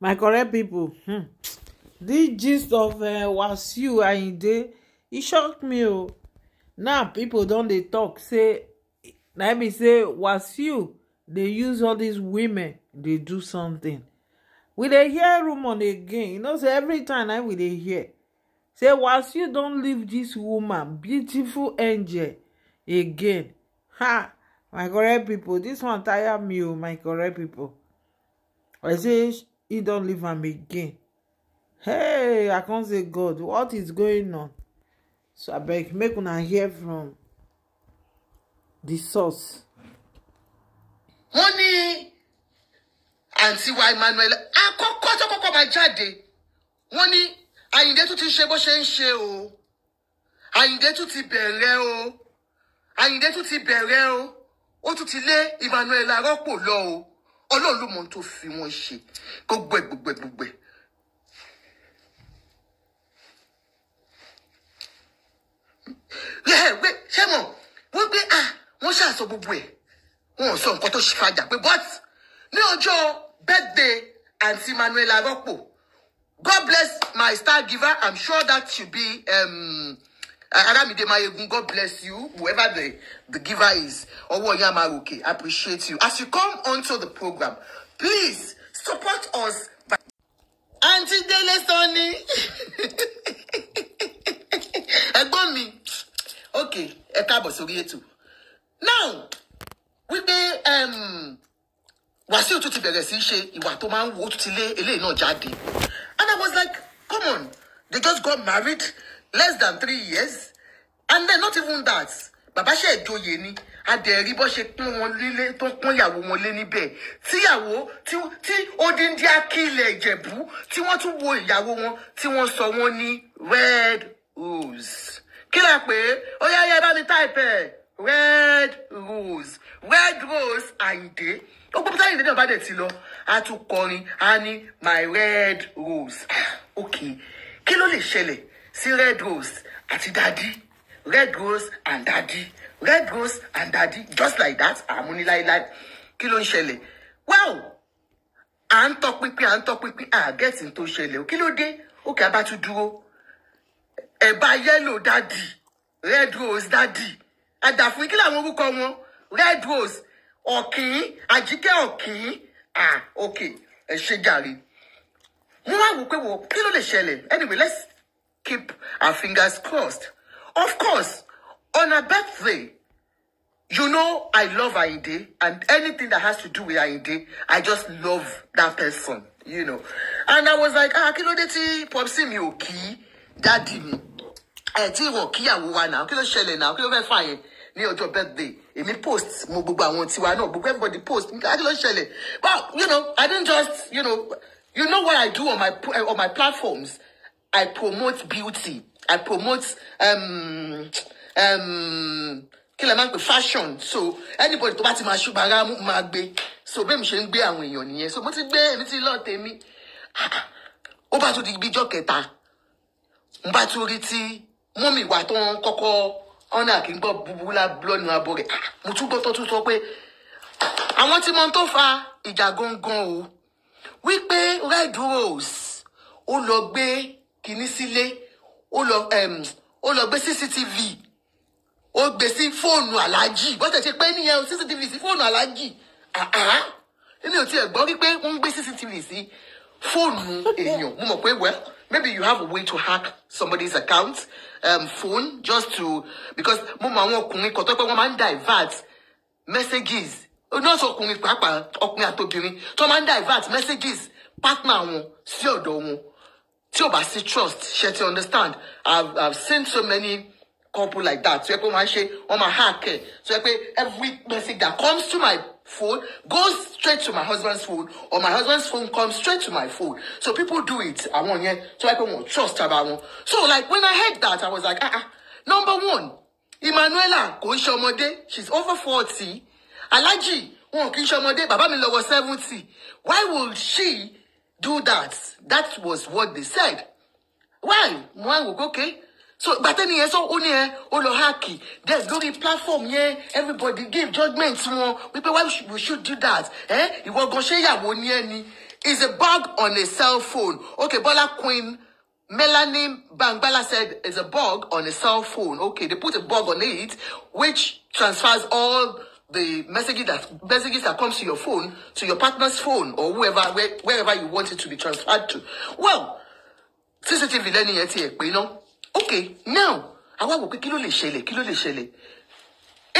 my correct pipo hmm dis gist of uh, wasiu ayinde e shock me o oh. now pipo don dey tok say na be say wasiu dey use all dis women dey do something we dey hear rumour again you know say every time na we dey hear say wasiu don leave dis woman beautiful angel again ha my correct pipo dis one tire me o oh, my correct pipo i say He don't leave am again hey i come say god what is going on so abeg make una hear from the source. wọ́n ní àǹtí wa emmanuel àkọ́kọ́ tó kọ́kọ́ máa jáde wọ́n ní àyìndé tún ti ṣe bó ṣe ń ṣe o àyìndé tún ti bẹ̀rẹ̀ o àyìndé tún ti bẹ̀rẹ̀ o ó tún ti lé emmanuel arọ́pò lọ o ọlọ́run ló mọ ohun tó fi wọ́n ṣe gbogbo ẹ̀ gbogbo ẹ̀ gbogbo ẹ̀. gbé ṣé mọ̀ wọ́n gbé à wọ́n ṣàṣọ gbogbo ẹ̀ wọn ò sọ nǹkan tó ṣe fàjà pé but ní ọjọ́ birthday aunty Manuela Rọ́pò God bless my star giver I'm sure that you be um, Aramide Mayegun, God bless you, whoever the, the giver is. Owo Yamaroke, appreciate you. As you come onto the program, please support us. By Auntie Dele Sonny. Ẹ̀gbọ́n me. Okay, ẹ káàbọ̀ sórí ètò. Now, wípé um, wasi tún ti bẹ̀rẹ̀ sí í ṣe ìwà tó wo tún ti lé eléyìí náà jáde. And I was like, come on, they just got married less than three years and then not even that bàbá ṣe ìjòyè ni adẹ̀rí bọ́ ṣe pín wọn lílé tó pín ìyàwó wọn lé níbẹ̀ tíyàwó tí odindi akílẹ̀ ìjẹ̀bú tí wọ́n tún wo ìyàwó wọn tí wọ́n sọ wọ́n ní red rose kí la pé ó yá yá bá mi táìpẹ̀ red rose red rose àyìndé ó gbọ́ táyìndé náà bá dẹ̀ ti lọ a tún kọrin ní my red rose ah, ok kí ló lè ṣẹlẹ̀ sí red rose àti daddy, red rose and daddy, red rose and daddy, just like that àmúni láíláí kí ló ń ṣẹlẹ̀ wow à ń tọpinpin à ń tọpinpin à ah, gẹ́tì tó ṣẹlẹ̀ kí ló dé òkè abátú dúró ẹ̀bà yẹ́lò dadi red rose dadi àdàfún kí làwọn orúkọ wọn red rose ọ̀kìn àjíkẹ́ ọ̀kìn Ah, òkè ẹ̀ ṣe jàre wọ́n wá wò pé wò kí ló lè ṣẹlẹ̀ anyway let's keep our fingers crossed. Of course, on her birthday, you know I love Aide, and anything that has to do with Aide, I just love that person, you know. And I was like, ah, kilo ló dé tí popsi mi ò daddy mi. Eh, tí ìwọ kíyàwó wa náà, kí ló ṣẹlẹ̀ náà, fine. ló fẹ́ fà ní ọjọ́ birthday. Èmi post mo gbogbo àwọn tiwa náà, gbogbo everybody post, ah, kí ló ṣẹlẹ̀. But, you know, I didn't just, you know, you know what I do on my on my platforms. I promote beauty. I promote um, um, kí fashion so anybody to bá ti máa ṣùgbọ́n ara so bẹ́ẹ̀ mi ṣe ń gbé àwọn so mo ti gbé èmi ti lọ tèmi di bíjọ́ kẹta mo bá tún rí tí mọ́mì wa tó bubula kọ́kọ́ ọ̀nà kì í gbọ́ búburú lọ́nà abo rẹ̀ mo tún gbọ́ tó gong sọ pé àwọn tí mo ń o wípé kìíní sílé ó lọ ó lọ gbé cctv ó gbé sí fóònù aláàjì bọ́tẹ̀ ṣe pé nìyẹn cctv sí fóònù aláàjì èmi ò tiẹ̀ gbọ́ wípé ń gbé cctv sí fóònù èèyàn mo mọ̀ pé well maybe you have a way to hack somebody's account um, phone just to because mo mọ̀ àwọn ọkùnrin kan tó pé wọ́n máa ń divert messages nọ́ọ̀sì ọkùnrin pàápàá ọkùnrin àtòbìnrin tó máa ń divert messages partner wọn sí ọ̀dọ̀ wọn tí ò bá trust ṣe ti understand i've i've seen so many couple like that so I pé wọ́n máa "On my máa hack so ẹ pé every message that comes to my phone goes straight to my husband's phone or my husband's phone comes straight to my phone so people do it àwọn yẹn so I pé wọ́n trust about one. so like when i heard that i was like ah ah number one emmanuela kò she's over 40. alhaji wọn kì í ṣe ọmọdé bàbá why would she do that. That was what they said. Why? Why okay? So but then yes, so only olohaki. There's glory platform, yeah. Everybody give judgment. People, why we should, we should do that? Eh? You will go share is a bug on a cell phone. Okay, Bola Queen Melanie Bangbala said it's a bug on a cell phone. Okay, they put a bug on it, which transfers all the message that messages that comes to your phone, to your partner's phone or whoever where, wherever you want it to be transferred to. Well, CCTV lẹ́ni yẹn ti ẹ̀ pé ná. Okay, now àwa wò pé kí ló lè ṣẹlẹ̀ kí ló It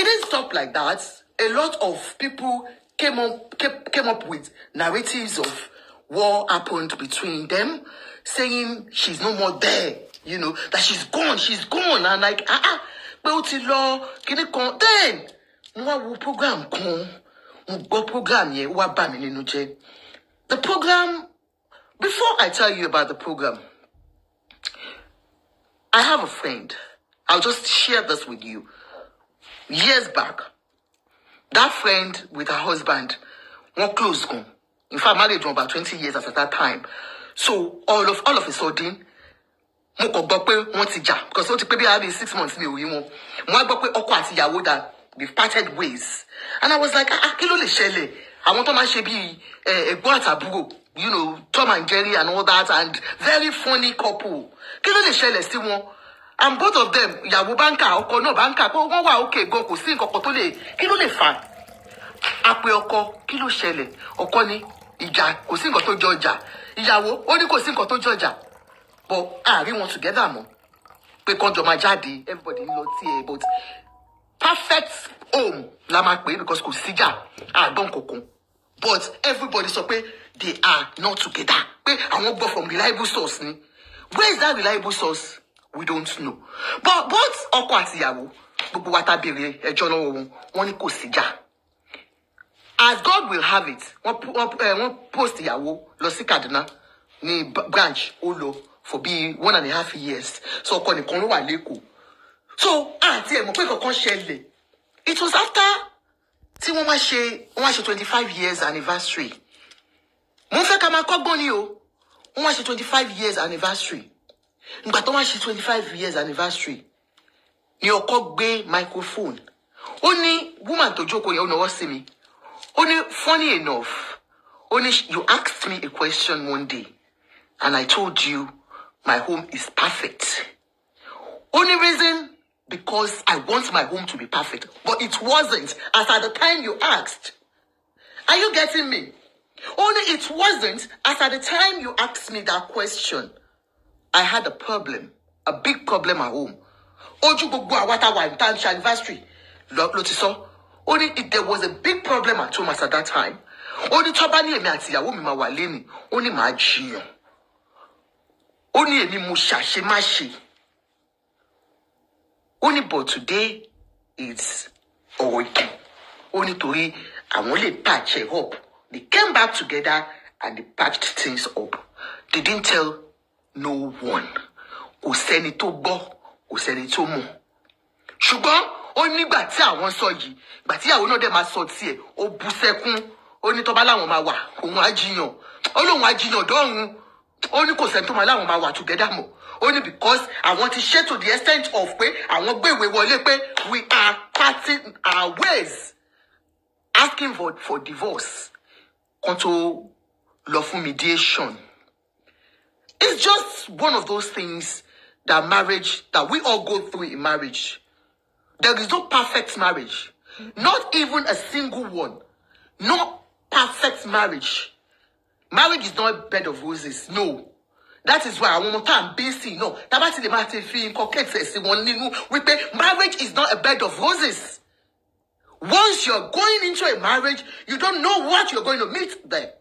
didn't stop like that. A lot of people came up came came up with narratives of war happened between them, saying she's no more there, you know, that she's gone, she's gone, and like ah ah, pé ó ti lọ, kíní kan, then mo wo program kan mo gbọ́ program yẹn wá bà mí nínú jẹ́ the program before I tell you about the program I have a friend I'll just share this with you years back that friend with her husband wọ́n close gan in fact marriage wọn about twenty years at that time so all of all of a sudden mo kàn gbọ́ pé wọ́n ti jà because ó ti pé bí i have been six months mi ò rí wọn mo wá gbọ́ pé ọkọ àti ìyàwó dáa they've parted ways and i was like ah, ah kí ló lè ṣẹlẹ̀ àwọn tó máa ṣe bíi eh, ẹ̀gbọ́n àtàbúrò you know tom and jerry and all that and very funny couple kí ló lè ṣẹlẹ̀ sí wọn and both of them ìyàwó báńkà ọkọ náà báńkà pé wọ́n wà òkè gan kò sí nǹkan kan tó lè kí ló lè fà á pé ọkọ kí ló ṣẹlẹ̀ ọkọ ni ìjà kò sí nǹkan tó jọ ọjà ìyàwó ó ní kò sí nǹkan tó jọ ọjà but àárín wọn together mọ́ pé kọ́ńjọ máa jáde everybody ń lọ tí but perfect home la máa pè because kò síjà àgbọn kankan but everybody sọ pé they are not together pé àwọn gbọ́ from reliable source ni where is that reliable source we don't know but both ọkọ àtìyàwó gbogbo wa ta béèrè ẹjọ́ lọ́wọ́ wọn wọ́n kò síjà as God will have it eh, wọ́n post ìyàwó lọ sí Kaduna ní branch ó lọ for bíi one and a half years so ọkọ nìkan ló wà lẹ́kọ̀ọ́ so àti ẹ̀ mọ̀ pé kankan ṣẹlẹ̀ it was after tí wọ́n wá ṣe wọ́n wá ṣe twenty five years anniversary mo ń fẹ́ ká máa kọ́gbọ́n ni o wọ́n wá ṣe twenty five years anniversary nígbà tó wá ṣe twenty five years anniversary ni ọkọ gbé microphone ó ní woman tó jókòó yẹn ó náwó sí mi ó ní funny enough ó ní you asked me a question one day and I told you my home is perfect ó ní reason because I want my home to be perfect. But it wasn't as at the time you asked. Are you getting me? Only it wasn't as at the time you asked me that question. I had a problem, a big problem at home. Oju gbogbo awata wa in anniversary. Lo sọ. Only it, there was a big problem at home at that time. Only tọ́ba ní èmi àti ìyàwó mi máa wà Only màá jiyàn. Only èmi mo ṣàṣemáṣe. ó ní but today is ọ̀rọ̀ ìkẹ́ ó nítorí àwọn lè patch up they came back together and they patched things up they didn't tell no one kò sẹ́ni tó gbọ́ kò sẹ́ni tó mọ̀ ṣùgbọ́n ó nígbà tí àwọn sọ yìí ìgbà tí ìyàwó náà dẹ̀ máa sọ tiẹ̀ ó bú sẹ́kún ó ní tọ́ba láwọn máa wà òun á jiyàn ó lóun á jiyàn dọ́run ó ní kò sẹ́ńtò máa láwọn máa wà together mọ́ ó ní because àwọn ti ṣe to the extent of pé àwọn gbé ìwé wọlé pé we are parting our ways asking for, for divorce kan tó lọ fún mediation it's just one of those things that marriage that we all go through in marriage there is no perfect marriage not even a single one no perfect marriage. marriage is not a bed of roses no that is why I want to à ń No, that's why the tí lè máa ti fi nǹkan marriage is not a bed of roses once you're going into a marriage you don't know what you're going to meet there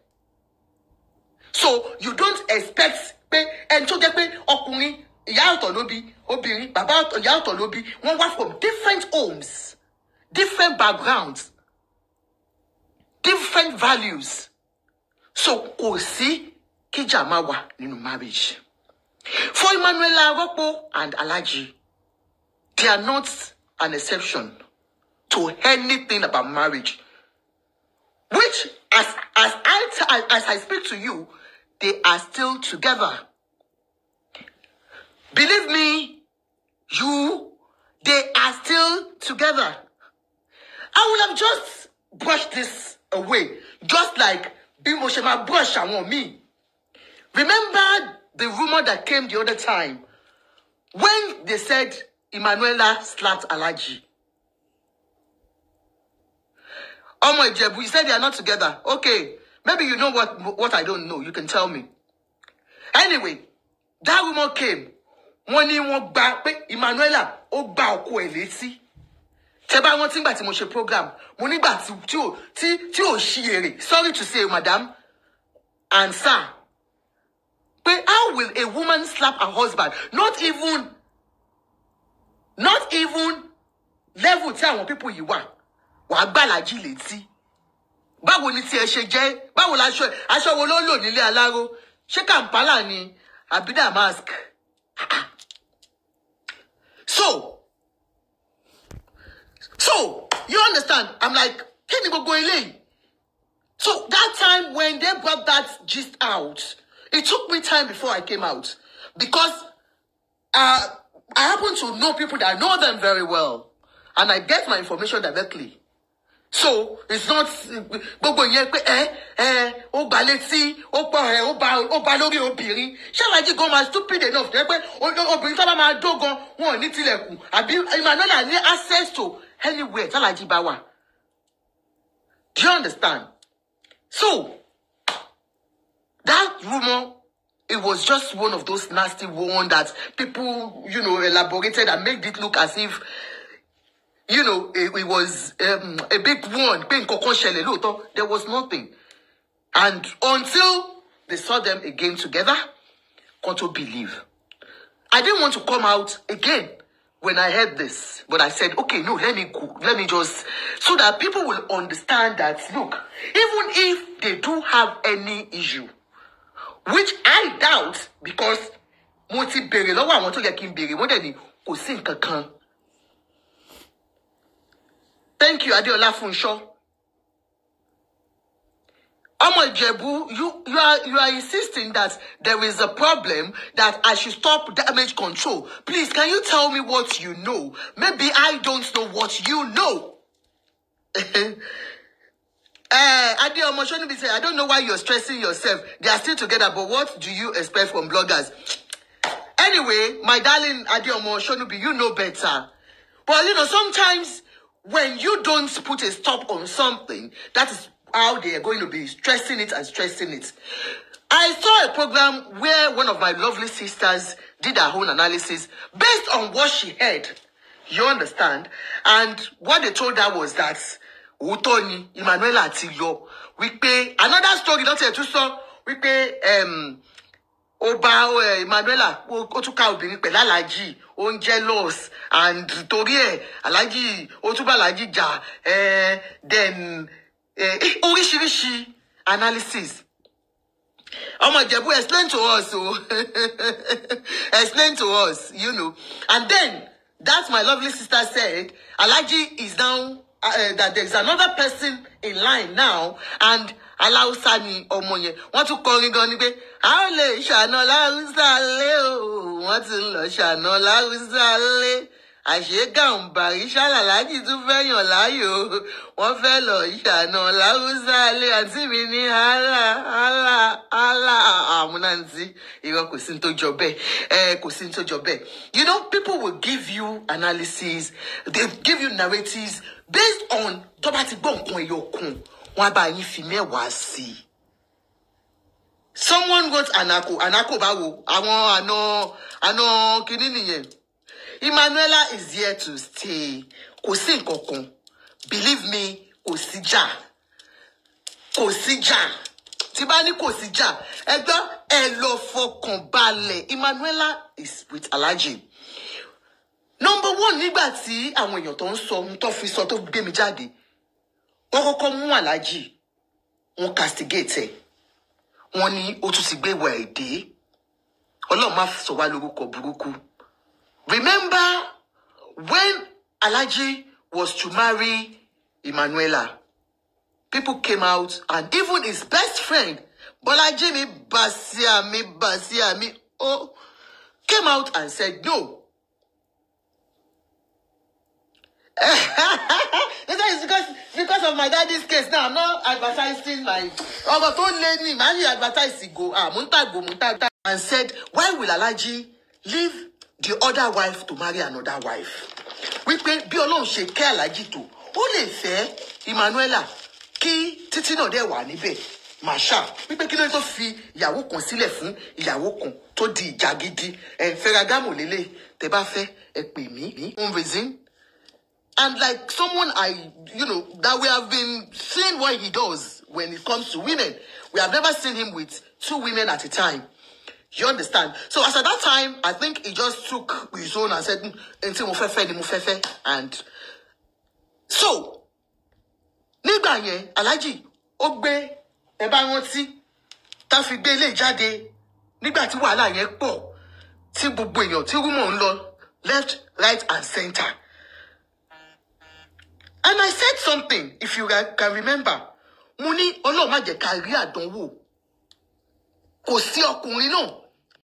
so you don't expect pé ẹni tó jẹ́ pé or ìyá ọ̀tọ̀ ló bí obìnrin bàbá ọ̀tọ̀ ìyá from different homes different backgrounds different values so kò sí ki jamawa nínú marriage for Emmanuel Arọ́pò and Alagi, they are not an exception to anything about marriage which as as I as I speak to you they are still together believe me you they are still together I will have just brushed this away just like mo ṣe máa brush àwọn míì remember the rumour that came the other time when they said Emmanuela slapped Alhaji ọmọ Ìjẹ̀bú you said they are not together okay maybe you know what what I don't know you can tell me anyway that rumour came wọ́n ní wọ́n gba pé Emmanuela ó gba ọkọ ẹ̀ létí tẹ bá wọn tígbà tí mo ṣe program mo nígbà tí ò tí tí ò ṣí èrè sorry to say madam answer. sir pé how will a woman slap her husband not even not even level tí àwọn people yìí wà wàá gbàlájì létí báwo ni tiẹ̀ ṣe jẹ́ báwo laṣọ aṣọ wo ló lò nílé aláró ṣé Kampala ni àbí Damask ah, ah. so. So, you understand? I'm like, can you go go in? So that time when they brought that gist out, it took me time before I came out because uh, I happen to know people that know them very well, and I get my information directly. So it's not gbogbo yẹn pé ẹ eh, ẹ eh, ó gba létí ó pọ ẹ o ba o ba lórí obìnrin ṣàlàyé gan ma stupid enough jẹ pé obìnrin sábà máa dó gan wọn ò ní tilẹ̀kùn àbí Emmanuel ní access to anywhere tell bá wà do you understand so that rumor, it was just one of those nasty one that people you know elaborated and made it look as if you know it, it was um, a big one pé nǹkan kan there was nothing and until they saw them again together can't believe I didn't want to come out again when I heard this, but I said, okay, no, let me go, Let me just, so that people will understand that, look, even if they do have any issue, which I doubt because mo berry, béèrè lọ́wọ́ àwọn tó yẹ kí n béèrè wọ́n dẹ̀ ní kò Thank you, Adeola Funsho. Omo you, you, are, you are insisting that there is a problem that I should stop damage control. Please, can you tell me what you know? Maybe I don't know what you know. Uh, I don't know why you're stressing yourself. They are still together, but what do you expect from bloggers? Anyway, my darling Adi Omoshonibi, you know better. Well, you know, sometimes when you don't put a stop on something, that is how they are going to be stressing it and stressing it. I saw a program where one of my lovely sisters did her own analysis based on what she heard. You understand? And what they told her was that Utoni, Emmanuel Atilio, we pay another story, not a two song, we pay um Oba uh, eh, Emmanuela, ó tún ká obìnrin pẹ̀lú and Torie. ẹ̀ aláàjì, ó ja. Eh, then Eh, eh, oríṣiríṣi analysis ọmọ ìjẹ̀bú explain to us o oh. explain to us you know and then that my lovely sister said alhaji is now uh, eh, that there is another person in line now and aláùsá ni ọmọ yẹn wọ́n tún kọrin gan ni pé a ó lè ṣàná láùsá lé o wọ́n ti ń lọ ṣàná láùsá lé àṣé gàǹbàrí ṣàlàlájì tún fẹ́ yàn láàyò wọ́n fẹ́ lọ ìṣànà láwùsá alẹ́ àǹtí mi ní hálà hálà hálà àmúnáǹtí ìwọ kò sí ní tó jọ bẹ́ẹ̀ ẹ kò sí ní tó jọ bẹ́ẹ̀ you know people will give you analysis they give you narratives based on tó bá ti gbọ́ nǹkan ẹyọ kún wọn á bá yín fi mẹ́wàá sí i someone wrote anako anako báwo àwọn àna àna kínní nìyẹn. Emmanuela is here to stay kò sí nǹkan kan believe me kò sí jà kò sí jà tí bá ní kò sí jà ẹgbẹ́ ẹ lọ fọkàn balẹ̀ Emmanuela is with Alhaji number one nígbà tí àwọn èèyàn tó ń sọ ohun tó fi sọ tó gbé mi jáde wọ́n kọ́kọ́ mú Alhaji wọ́n castigate ẹ̀ wọ́n ní ó tún ti gbé ìwà èdè ọlọ́run má sọ wá lórúkọ burúkú. Remember when Alaji was to marry Emanuela, people came out and even his best friend, Bolaji mi Basia mi Basia mi, oh, came out and said no. it's because because of my daddy's case now I'm not advertising my ọmọ tó lé ní màá ní advertise go ah mo ń tàgò and said why will Alaji leave the other wife to marry another wife wípé bí ọlọ́run ṣe kẹ́ aláàjì tó ó lè fẹ́ Emmanuela kí títí náà dẹ̀ wà níbẹ̀ màṣá wípé kí ló ń tó fi ìyàwó kan sílẹ̀ fún ìyàwó kan tó di ìjà gidi ẹ̀ Ferragamo lélẹ̀ tẹ́ bá fẹ́ ẹ pè mí and like someone I you know that we have been seeing what he does when it comes to women we have never seen him with two women at a time You understand? So as at that time, I think he just took his own and said, mm, "Nti mo fefe ni mo fefe," and so nígbà yẹn Alhaji ó gbé ẹ bá rántí tá fi gbé ilé jáde nígbà tí wàhálà yẹn pọ̀ tí gbogbo èèyàn tí rúmọ̀ ń lọ left, right, and center. And I said something, if you can remember, mo ní Ọlọ́run má jẹ́ ká rí àdánwò kò sí ọkùnrin náà